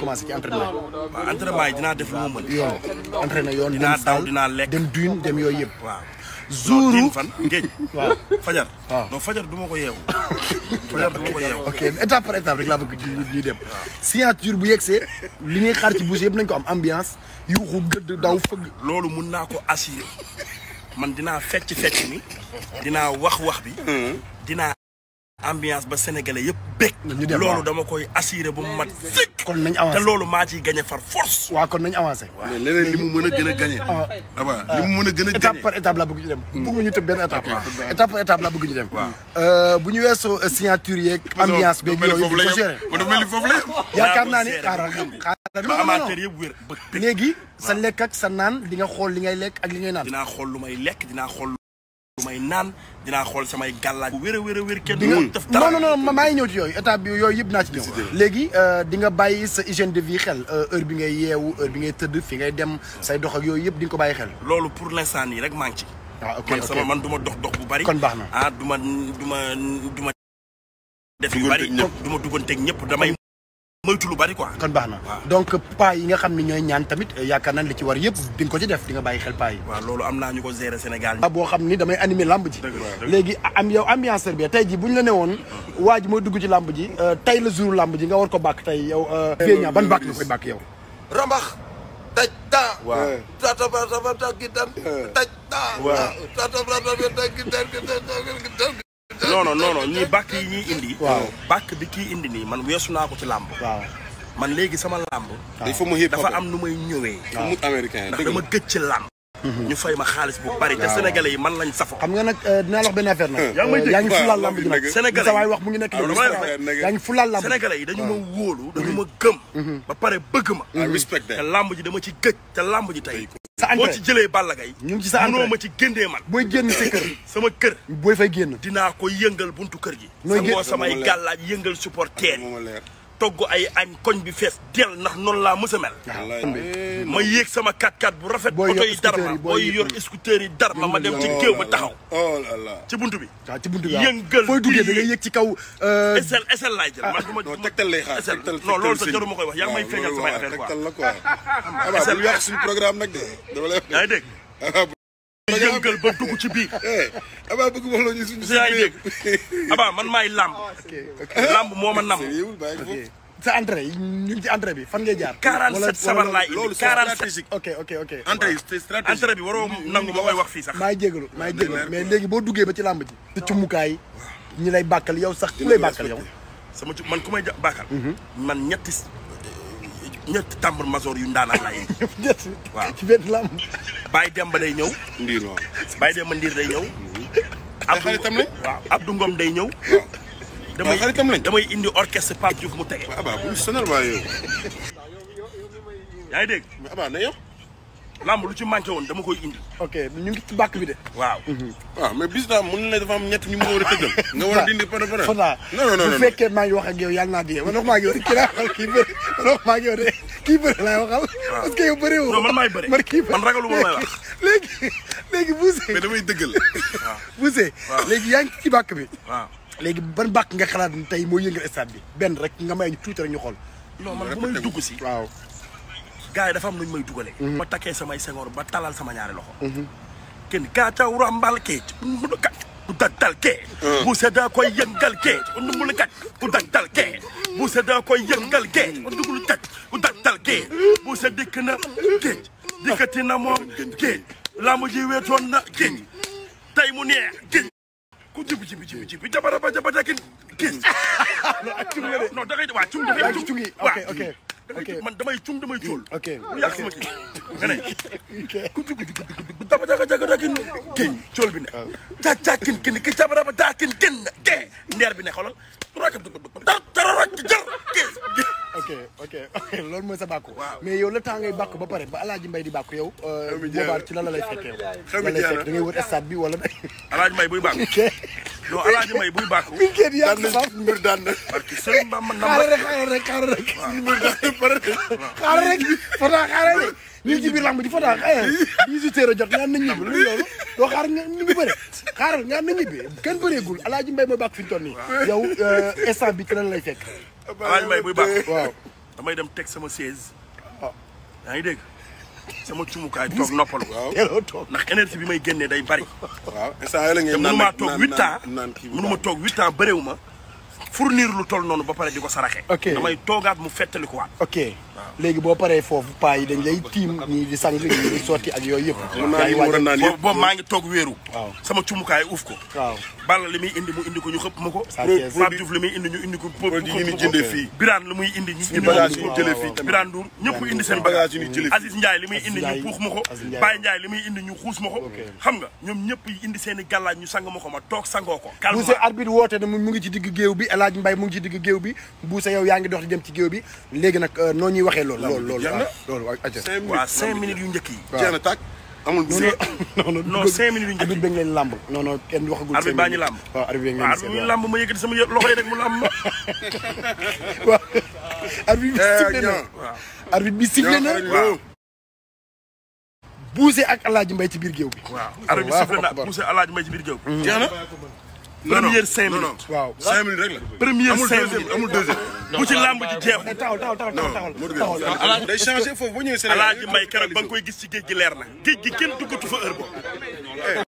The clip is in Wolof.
commencé ci entraînement bi. waaw entraînement yi dinaa def lu mu mën. yoon entraîné yoon dinaa daw dinaa lekk dem duun dem yooyu yëpp. waaw zuuru fan géej. fajar. waaw fajar du ma ko yeewu. fajar du ma ko yeewu. ok étape par étape rek laa bëgg dem. signature bu yegsee li ñuy xaar ci bouche yëpp nañ ko am ambiance yuuxu gëdd daw fëgg. loolu mun naa ko assurer man dinaa fecc fecc ni dinaa wax wax bi. Hmm. dinaa. ambiance ba sénégalais yëpp bég loolu dama koy assuré bu mu mat sikk kon nañ avancé te loolu maa ciy gagné far force waaw kon nañ avancé mais leneen li mu mën a gën a ah. gagné ah waaw li mu mën a gën a gagné étape par étape la bëgg ñu dem hmm. bëgg ñu tëb benn étape étape par étape la bëgg ñu dem euh, bu ñu weesoo euh, signature yeeg ambiance beeg yooyu ko géré dafa mel ni foofu la yaakaar naa ni xaaral xaaral amateur yëpp wér léegi sa lekk ak sa naan di nga xool li ngay lekk ak li ngay naan dinaa xool lu may lekk dinaa xool lu may naan dinaa xool samay gàllaaj bu wér a wér a wér kenn def dara non non non maa ngi ñëw yooyu étape bi yooyu yëpp naa ci ñëw léegi euh, di nga bàyyi sa hygiène de vie xel euh, heure bi ngay yeewu heure bi ngay tëdd fi ngay dem say dox ak yooyu yëpp di ko bàyyi xel loolu pour l'instant nii rek maa ci ah ok man sama man du dox dox bu bari kon baax na ah du ma du ma du ma def yu bari du ma duganteeg ñëpp damay moytu bari quoi. baax na donc pas yi nga xam ni ñooy ñaan tamit eh, yaakaar nañ li ci war yëpp di ko ci def di nga xel pas yi. waaw loolu am naa ñu boo xam ni damay animer lamb ji. léegi am yow ambianceur bi tey ji bu ñu la newoon. waa ji mooy dugg ci lamb ji. Euh, tey la jour lamb ji nga war ko bàkk tey yow. Euh, Vieux ban bàkk nga koy bàkk yow. rambax. taj taa. waaw eh. taj eh. taa. non non non ñii bàkk yi ñuy indi. waaw bàkk bi kii indi nii man weesu naa ko ci làmb. waaw man léegi sama làmb. dafa am nu may ñëwee. waaw américain ndax dama gëj ci làmb. ñu fay ma xaalis bu bari te sénégalais yi man lañ safo xam nga nag euh, dina la wax benn affaire nag yaa ngi fulaal lamb ji nag sénégalais sa wax mu ngi nekk yaa ngi fulaal lamb sénégalais yi dañu ma mm-hmm. wóolu dañu mm-hmm. ma gëm mm-hmm. ba pare bëgg ma respect te ji dama ci gëj te làmb ji tey boo ci jëlee Balla Gaye ñu ngi ci sa mënoo ma ci géndee man booy génn sa kër sama kër booy fay génn dinaa ko yëngal buntu kër gi sangoo samay gàllaaj yëngal supporter togg ay añ koñ bi fees dell ndax noonu laa mës a mel ma yéeg sama 4x4 bu rafet oto yi dar ma booy yor scooter yi dar ma ma dem ci géew ba taxaw oh ah, ci buntu bi waaw ci buntu bi yëngal fooy duggee da ngay yéeg ci kaw esel euh, esel laay jël ah, ma tegtal lay xaar esel non jaruma koy wax yaa may feeñal samay affaire quoi tegtal esel ah, yàq suñu programme nag de dama lay yaa yëngal ba dugg ci biir. Eh, abaa bëgg wax la ñu suñu. si yaa ngi dégg abaa man maay làmb. Ah, làmb moo ma nam. sa entrée ñu ngi ci entrée bi fan ngay jaar. 47 sabar laay indi 47. ok ok ok entrée entrée bi waroo nangu ma koy wax fii sax. maay jégalu maay jégalu mais léegi boo duggee ba ci làmb ji. sa cumukaay ñi lay bàkkal yow sax ku lay bàkkal yow. sama man ku may bàkkal. Mhm. man ñetti. ñett tambour masoor yu ndaanaan laa yëg. waaw ci benn lamb. Baye Demba day ñëw. Ndiir waaw Baye Demba Ndiir day ñëw. Abdou xaritam lañ Ngom day ñëw. damay xaritam lañ damay indi orchestre Pape Diouf mu tege. waaw waaw bu waa yow. yaa ngi dégg. mais abaa na lamb lu ci manqué woon dama koy indi. ok ñu ngi ci bàkk bi de. waaw. waaw mhm. ah, bis naa mën na dafa am ñett ñu mu war a tëggal. nga war a dindi pare pare. Fada non non bu fekkee maa ngi wax ak yow yàlla naa di yow man waxumaa ak yow de kii laa waxal kii kii bëri laay waxal. parce kii bëri man ragalu ma lay wax. léegi léegi Bousse. damay dëggal. waaw Bousse. waaw léegi yaa ci bàkk bi. waaw léegi ban bàkk nga xalaat ni tey moo yëngal stade bi benn rek nga may ñu rek ñu xool non man bu may dugg si waaw gars yi dafa am lu ñu may dugalee. Mhm. ma takkee samay sengoor ba talal sama ñaari loxo. Mhm. kenn gàcca rambal kee ku dagdal kee. Mhm. bu sedda koy yëngal kee ndumul kat ku dagdal kee. bu sedda koy yëngal kee ndumul kat ku dagdal kee. bu se dikk na géej dikkati na moom géej laamu ji weetoon na géej tey mu neex géej. ku jibi jibi jibi jibi jabara ba jabata kin géej. non ak cung la de non dangay waa cung dafay cung ok ok. damay man damay cung damay cool. ok bu yàq sama kii nga ne. ku jug jug jug dama jaga jaga daa kin cool bi ne. waaw ah. kin kin kii caa ba daa kin kin kii ndeer bi ne xoolal. daa dara rocc jar kii. ok ok ok loolu mooy sa bàkku. mais yow le temps ngay bàkku ba pare ba Alaaji Mbay di bàkku yow. Euh, xew ci lan la lay fekkee yow. xew mi da ngay wër stade bi wala. Alaaji Mbay buy non alaaji may buy bàkku. bi ngeen yàq sax na. parce que sëriñ Bamba ndam xaaral rek xaaral rek xaaral rek. mbir daan na pare rek. xaaral rek Fata xaaral rek. ñu ci biir lamb di a jot loolu. doo xaar ñu bëre xaaral ñaan nañ ñibbi kenn bëreegul alaaji mbay mooy bàkk fi ñu toll nii. yow euh, instant bi keneen lay fekk. alaaji mbay buy bàkk. waaw damay dem teg sama chaise. waaw ah. yaa ngi dégg. sama não toog noppalu. waaw ndax énergie bi may génnee day bari. waaw instant yële ngeen naan naan naan te mënumaa toog 8 ans mënuma toog 8 ans bëreewu ma fournir lu toll ok ok. léegi boo paree foofu paa yi dañ lay tiim ñii di sang ñii di sotti ak yooyu yëpp boobu maa ngi toog wéeru sama cumukaay uuf ko waaw li muy indi ñu xëpp ma ko Pape Diouf indi ñu indi ñu i gàllaaj ñu sang ma ko ma toog sangoo ko buuse arbitre woote na mu ngi ci digg géew bi El Hadj Mbaye mu ngi ci digg géew bi buuse yow yaa ngi dox di dem ci géew bi léegi nag euh, waxee lool loolu lool loolu waaw waaw cinq minutes yu njëkk yi. jeex na tàkk amul bu non non non cinq minutes yu njëkk yi arbitre leen làmb. non non kenn waxagul cinq minutes arbitre baa ñu làmb. waaw arbitre baa ñu làmb ma yëkkati sama loxo yi rek eh, bi sifflé na bi sifflé buuse ak Alaaji Mbay ci biir géew bi. waaw arbitre bi sifflé na buuse Alaaji Mbay ci biir bi. jeex première cinq minutes waaw cinq minutes rek la. première cinq minutes amul deuxième bu ci làmb ji jeexul. changé foofu boo ñëwee Sénégal alaaji may keroog ba koy gis ci géej leer na. géej gi kenn duggatu fa heure boobu. Eh.